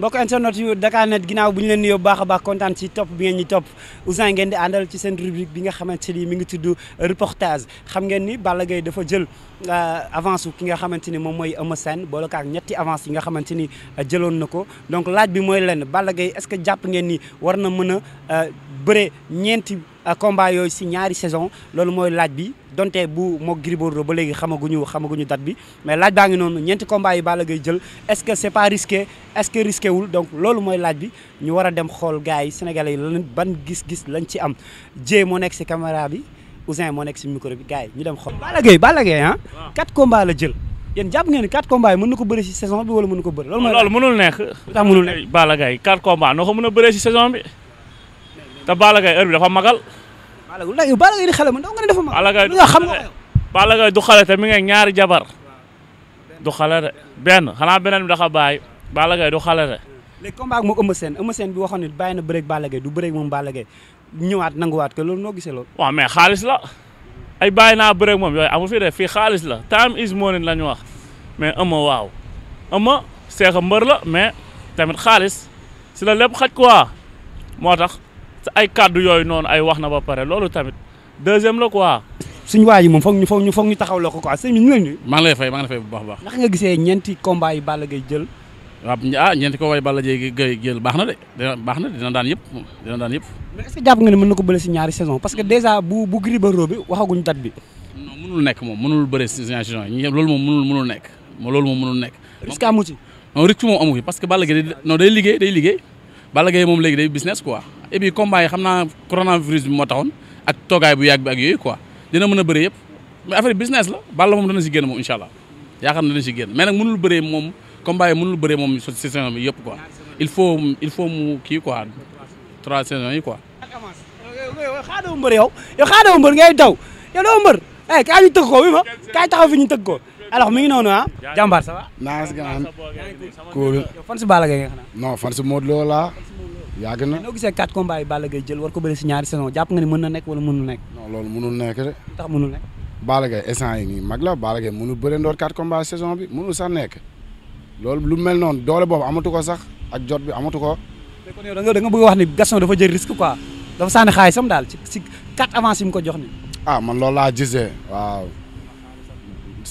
mbokk internet yu Dakarnet ginnaaw bu ñu leen nuyoo bu baax a baax kontaan ci topp bi ngeen ñi topp Ouzin ngeen di àndal ci seen rubrique bi nga xamante ni mi ngi tudd reportage xam ngeen ni Balla Gaye dafa jël euh, avance ki nga xamante ni moom mooy Eumeu Sène boole ko ñetti avance yi nga xamante ni euh, jëloon na ko donc laaj bi mooy lenn bala gay est-ce que jàpp ngeen ni war na mën a euh, bëre ñeenti combat yooyu si ñaari saison loolu mooy laaj bi donte bu moo Gris Bordeaux ba léegi xamaguñu xamaguñu date bi mais laaj baa ngi noonu ñeenti combat yi Balla Gaye jël est-ce que c'est pas a dem xool gars yi sénégalais yi lan ban gis-gis ah, la jël. yéen jàpp ngeen ni 4 combats yi bi wala mënul nekk. tax mënul nekk Balla Gaye noo ko mën a bëree si saison bi. te Balla Gaye heure bi dafa magal. Balla Gaye yow Balla Gaye di xale man dama nga ne dafa magal. Balla du xale te mi ngi ñaari jabar. du xale de benn xanaa beneen bi dafa bàyyi. Balla Gaye du xale de. léegi combat ak moom Eumeu Sène Eumeu Sène bi waxoon ne bàyyi na bëreeg Balla Gaye du bëreeg moom Balla Gaye ñëwaat nanguwaat loolu noo gisee loolu. waaw mais xaalis la ay bàyyi naa bëreeg moom yooyu amu fi de fii xaalis la time is money la ñu wax mais Eumeu waaw Eumeu seexa mbër la mais tamit xaalis si la lépp xaj quoi moo tax ay kaddu yooyu noonu ay wax na ba pare loolu tamit deuxième la quoi. waa yi ñu foog ñu foog ñu taxaw la ko quoi sëñ bi ñu ngi ah, na de dina baax na dina daan yëpp dina daan yëpp. mais est que jàpp nga nekk moom mënul bëre si ñaari saison yi loolu moom mënul mënul nekk loolu moom mënul nekk. risque amu ci. non risque moom amu parce que Balla Gaye non day liggéey day liggéey Balla Gaye moom léegi day business quoi et puis combat yi na naa coronavirus bi moo taxoon ak toogaay bu yàgg ak yooyu quoi dina mën a bëre yëpp mais affaire business la Balla moom dana si génn moom incha allah na dana si génn mais nag mënul bëree moom combat yi mënul bëree moom si saison bi yëpp quoi il faut il faut mu kii quoi trois saisons yi quoi. xaaral mbër yow yow xaaral mbër ngay daw yow doo mbër eh kaay ñu ñu tëgg alors mi ngi noonu ah. jàmbaar ça va. naa si gànnaaw kóol. fan si Balla Gaye nga xanaa. fan si Modou Lo laa. yàgg na noo gisee quatre combats yi Balla jël war ko bëri si ñaari saison jàpp nga ni mën na nekk wala mënul nekk. non loolu mënul nekk de. tax mënul nekk. Balla Gaye instant yi nii mag la Balla Gaye mënul bëre ndoor quatre combats saison bi mënul sax nekk loolu lu mel noonu doole boobu amatu ko sax ak jot bi amatu ko. mais kon yow wax ni Gaston dafa jël risque quoi dafa sànni xaalisam daal ci si quatre avance yi mu ko jox ni ah man loolu laa gisee waaw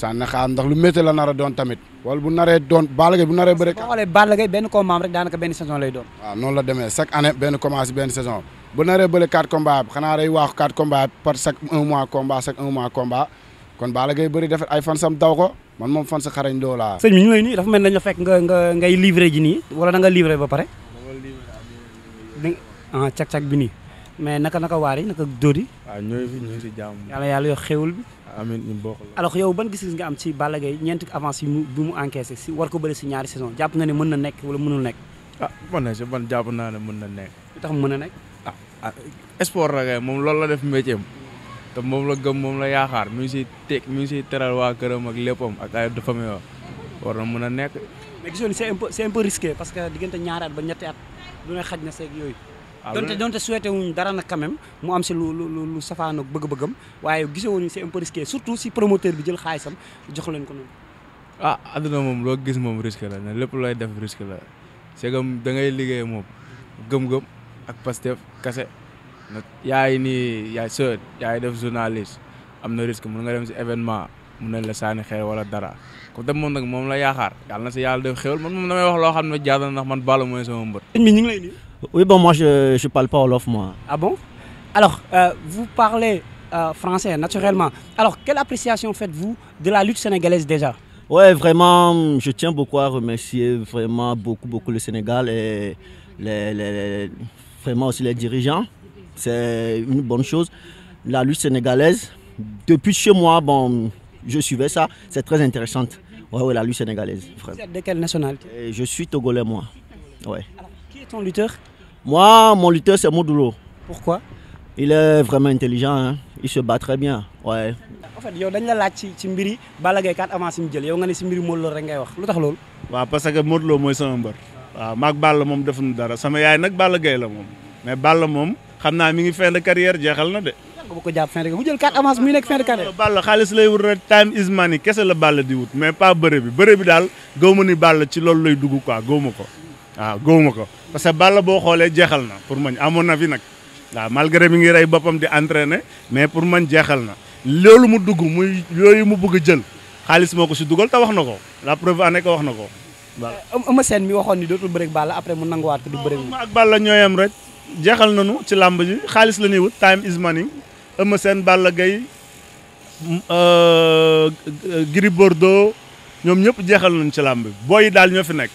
sànni xaar ndax lu métti la nar a doon tamit wala bu naree doon Balla Gaye bu naree bëri. boo xoolee Balla Gaye benn combat am rek daanaka benn saison lay doon. waaw noonu la demee chaque année benn commencé benn saison bu naree bëri quatre combats xanaa day waaxu quatre combats par chaque un mois combat chaque un mois combat kon Balla Gaye bëri defet ay fan sam daw ko man moom fan sa xarañ doo laa. sëñ bi ñu lay nii dafa mel nañ la fekk nga nga ngay livré ji nii wala da nga livré ba pare. da nga livré ah mais naka naka waar yi naka dóor yi. waaw ñooy fi ñu ngi si jàmm. yàlla yàlla yoo xéwul bi. amiin ñu bokk la. alors yow ban gis nga am si Balla Gaye ñeenti avance yi bi mu encaissé si war ko bëri si ñaari jàpp nga ne mën na nekk wala mënul nekk. ah man na naa ne mën na nekk. lu tax mu mun a nekk. ah ah sport moom loolu la def métier am te moom la gëm moom la yaakaar mi ngi siy teg mi ngi siy teral waa këram ak léppam ak ay dafa may wax mën a nekk. mais gisoon c'est un parce que diggante ñaari at ñetti at du xaj na seeg yooyu Ah, donte donte souhaité wuñ dara na quand même mu am si lu lu lu safaanoog bëgg-bëggam waaye gisewuñu c'est un peu risqué surtout si promoteur bi jël xaalisam jox leen ko noonu ah àdduna moom loo gis moom risque la ne lépp looy def risque la c'est comme da ngay liggéey moom gëm-gëm ak Pastef kase nag yaay nii yaay sër yaay def journaliste am na risque mun nga dem si événement mun nañ la saani xeer wala dara ko dem moom nag moom la yaakaar yàlla na si yàlla def xéwal man moom damay wax loo xam ne jaada ndax man Balla mooy sama mbër. Oui, bon, moi, je ne parle pas Wolof, moi. Ah bon Alors, euh, vous parlez euh, français, naturellement. Alors, quelle appréciation faites-vous de la lutte sénégalaise déjà Ouais, vraiment, je tiens beaucoup à remercier vraiment beaucoup, beaucoup le Sénégal et les, les, vraiment aussi les dirigeants. C'est une bonne chose. La lutte sénégalaise, depuis chez moi, bon, je suivais ça. C'est très intéressante. Ouais, ouais, la lutte sénégalaise. Vraiment. suis togolais, moi. Ouais. qui est ton lutteur Moi, mon lutteur, c'est Modulo. ko Il est vraiment intelligent, hein? il se bat très bien. Ouais. En fait, yow dañ la laaj ci ci mbir yi Balla Gaye 4 avance mu jël yow nga ne si mbiri Modou Lo rek ngay wax lu tax lool waaw parce que Modou Lo mooy sama mbër. waaw maag Balla moom defuñu dara sama yaay nag Balla gay la moom mais Balla moom xam naa mi ngi fin de carrière jeexal na de. bu ko jàpp fin de bu jël 4 avance muy nekk fin de carrière. Balla xaalis lay wut rek time is money kese la Balla di wut mais pas bëre bi bëre bi daal gëw ma ni Balla ci loolu lay dugg quoi gëw ko waaw gëw ko. parce que Balla boo xoolee jeexal na pour man amoon na avis nag waaw malgré mi ngi rey boppam di entraîner mais pour man jeexal na loolu mu dugg muy yooyu mu bugg jël xaalis moo ko si dugal te wax na ko la preuve en est wax na ko. a euh, seen mi waxoon ni dootul bëreeg Balla après mu nanguwaat ko di bëreeg. ak Balla ñooyam rek jeexal na nañu ci làmb ji xaalis la ñuy wut time is money Eumeu Sène Balla Gaye euh, Gris Bordeaux ñoom ñëpp jeexal nañ ci làmb bi booy yi daal ñoo fi nekk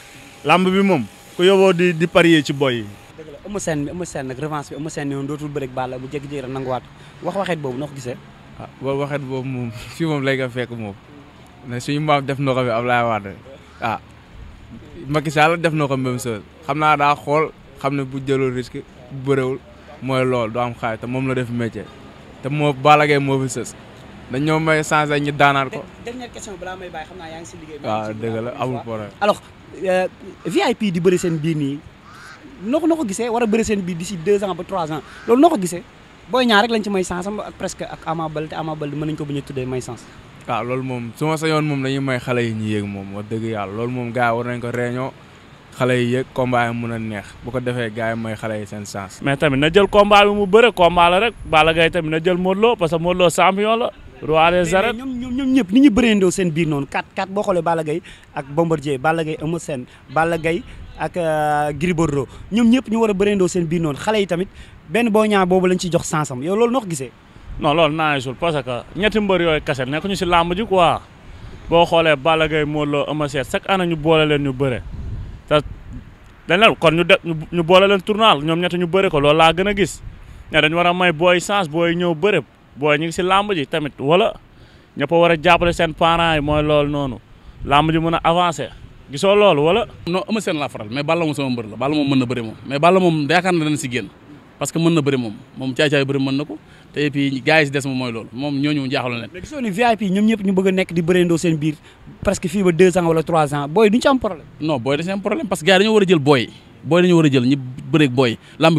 làmb bi moom. ku yóbboo di di parier ci boy yi. dëgg la Eumeu Sène bi Eumeu Sène nag revanche bi Eumeu Sène ne woon dootul bëre ak Balla bu jékki-jékki rek nanguwaat wax waxet boobu noo gisee. ah boobu waxet moom fii moom lay nga fekk moom suñu maam def na ko bi Abdoulaye Wade ah Macky Sall def na ko même chose xam naa daa xool xam ne bu jëloon risque bu bëriwul mooy loolu du am moom la def métier te moo Balla moo fi sës dañoo may changé ñu daanaat ko. dernière ah, la amul Euh, VIP di bëri seen biir nii noo ko noo gisee war a bëri seen biir deux ans ba trois ans loolu noo gisee booy ñaar rek lañ ci may sens Ama Baldé Ama Baldé mën nañu ko bu ñu tuddee may sens. waaw ah, loolu moom su ma sa yoon moom dañuy may xale yi ñu yéeg moom wax dëgg yàlla loolu moom gars yi war nañ ko réunion xale yi yéeg combat yi mun a neex bu ko defee gars yi may xale yi seen sens. mais tamit na jël combat bi mu bëre rek Balla Gaye tamit na jël Modou Lo parce que Lo roi des arènes ñoom ñoom ñëpp ni ñu bëreendoo seen biir noonu 4 4 boo xoolee Balla Gaye ak Bombardier Balla Gaye Eumeu Sène Balla Gaye ak euh, Gris Bordeaux ñoom ñëpp ñu war a bëreendoo seen biir noonu xale yi tamit benn boo ñaa boobu lañ ci jox sansam yow loolu noo ko gisee. non loolu naa gisul parce que ñetti mbër yooyu kese nekkuñu si làmb ji quoi boo xoolee bala Gaye Modou Lô Eumeu Sène chaque année ñu boole leen ñu bëre te dañ kon ñu de ñu boole leen tournal ñoom ñetti ñu bëre ko loolu laa gën a gis ne dañu war may booy chance booy ñëw bëre booy ñu ngi si làmb ji tamit wala ñëpp war a jàppale seen parents yi mooy loolu noonu làmb ji mën a avancer gisoo loolu wala. non ama seen laa faral mais Balla moom sama la Balla na bëri moom mais Balla moom yaakaar na dana si mën na moom moom caay-caay bëri mën na ko te et puis si des moom mooy loolu moom ñooñu jaaxaloon leen. mais gisoo ni VIP ñoom ñëpp ñu bëgg a nekk di bëreendoo seen biir presque fii ba deux ans wala trois ans booy duñ ci am problème. parce que gars yi war a jël booy booy a jël ñi bëreeg booy làmb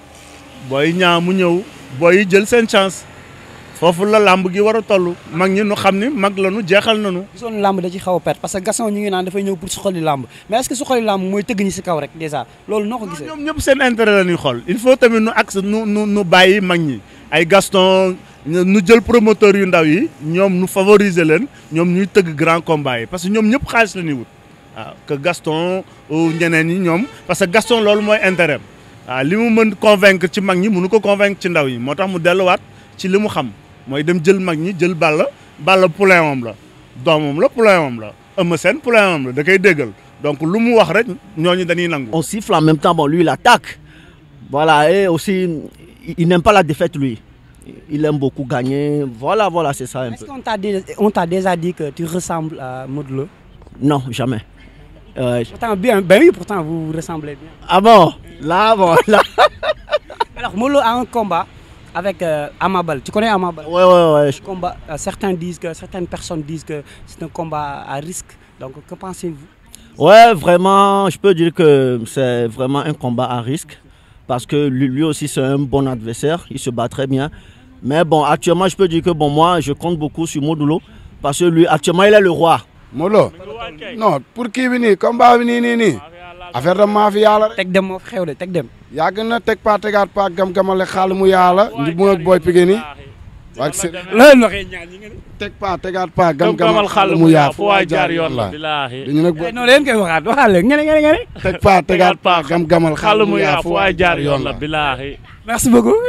booy ñaa mu ñëw booy jël seen chance foofu la làmb gi war a toll mag ñi nu xam ni mag la nu jeexal nu gisoon làmb da ci xaw a perte parce que Gaston ñu ngi naan dafay ñëw pour suqali làmb mais est-ce que suqali làmb mooy tëgg ñi loolu noo ko gisee. Ah, ñoom ñëpp seen intérêt la ñuy xool il faut tamit nu bàyyi mag ñi ay Gaston nu jël promoteur yu ndaw yi ñoom nu favoriser leen ñoom ñuy tëgg grand combat parce que ñoom ñëpp xaalis la ñuy wut ah, Gaston ñeneen ñi ñoom parce que Gaston loolu mooy intérêt waaw li mu mën convaincre ci mag ñi mënu ko convaincre ci ndaw yi moo tax mu delluwaat ci li mu xam mooy dem jël mag ñi jël Balla Balla poulain am la doomam la poulain am la Eumeu Sène poulain am da koy déggal donc lu mu wax rek ñooñu dañuy nangu. on siffle en même lui il attaque voilà et aussi il n'aime pas la défaite lui il aime beaucoup gagner voilà voilà c'est ça un peu. Est-ce qu'on t'a dit, on t'a déjà dit que tu ressembles à Modou Non, jamais. Euh, bien, ben oui, pourtant vous, ressemblez bien. Ah bon? là bon là. alors Modou Lô a un combat avec euh, Amabal. Tu connais Amabal Ouais, ouais, ouais. Combat, euh, disent que, certaines personnes disent que c'est un combat à risque. Donc, que vraiment, je vraiment un combat à risque. Parce que lui aussi, c'est un bon adversaire. Il se bat très bien. Mais bon, actuellement, je que bon, moi, compte beaucoup sur Modulo. Parce que actuellement, il est le roi. affaire da maa fi yàlla rek. teg dem moo xew de teg dem. yàgg na teg paa mu yàlla. njub mu ak teg paa paa gam-gamal xaal mu yaa fu waay jaar yoon la billaahi dañu nag jaar yoon la billaahi merci beaucoup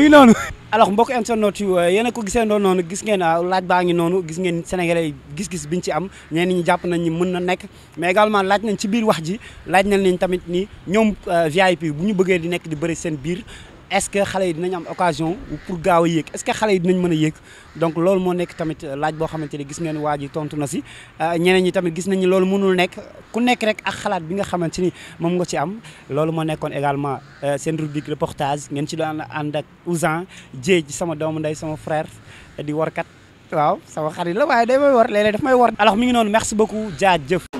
noonu alors mbokk internet yu euh, yéen a ko gisandoo noonu gis ngeen euh, laaj baa ngi noonu gis ngeen sénégalais yi gis bi biñ ci am ñeen ñi jàpp nañ ñi mën na nekk mais également laaj nañ ci biir wax ji laaj nañ leen tamit ni ñoom euh, VIP bu ñu bëggee di nekk di bëri seen biir est-ce que xale yi dinañ am occasion pour gaaw a yéeg est-ce que xale yi dinañ mën a yéeg donc loolu moo nekk tamit euh, laaj boo xamante ne gis ngeen waa ji tontu na si euh, ñeneen ñi tamit gis nañ loolu mënul nekk ku nekk rek ak xalaat bi nga xamante ni moom nga ci am loolu moo nekkoon également euh, seen rubrique reportage ngeen ci doon ànd ak Ousan Dieng ci sama doomu ndey sama frère di warkat waaw sama xarit la waaye day may war léeg-léeg daf may war alors ngi noonu merci beaucoup jaajëf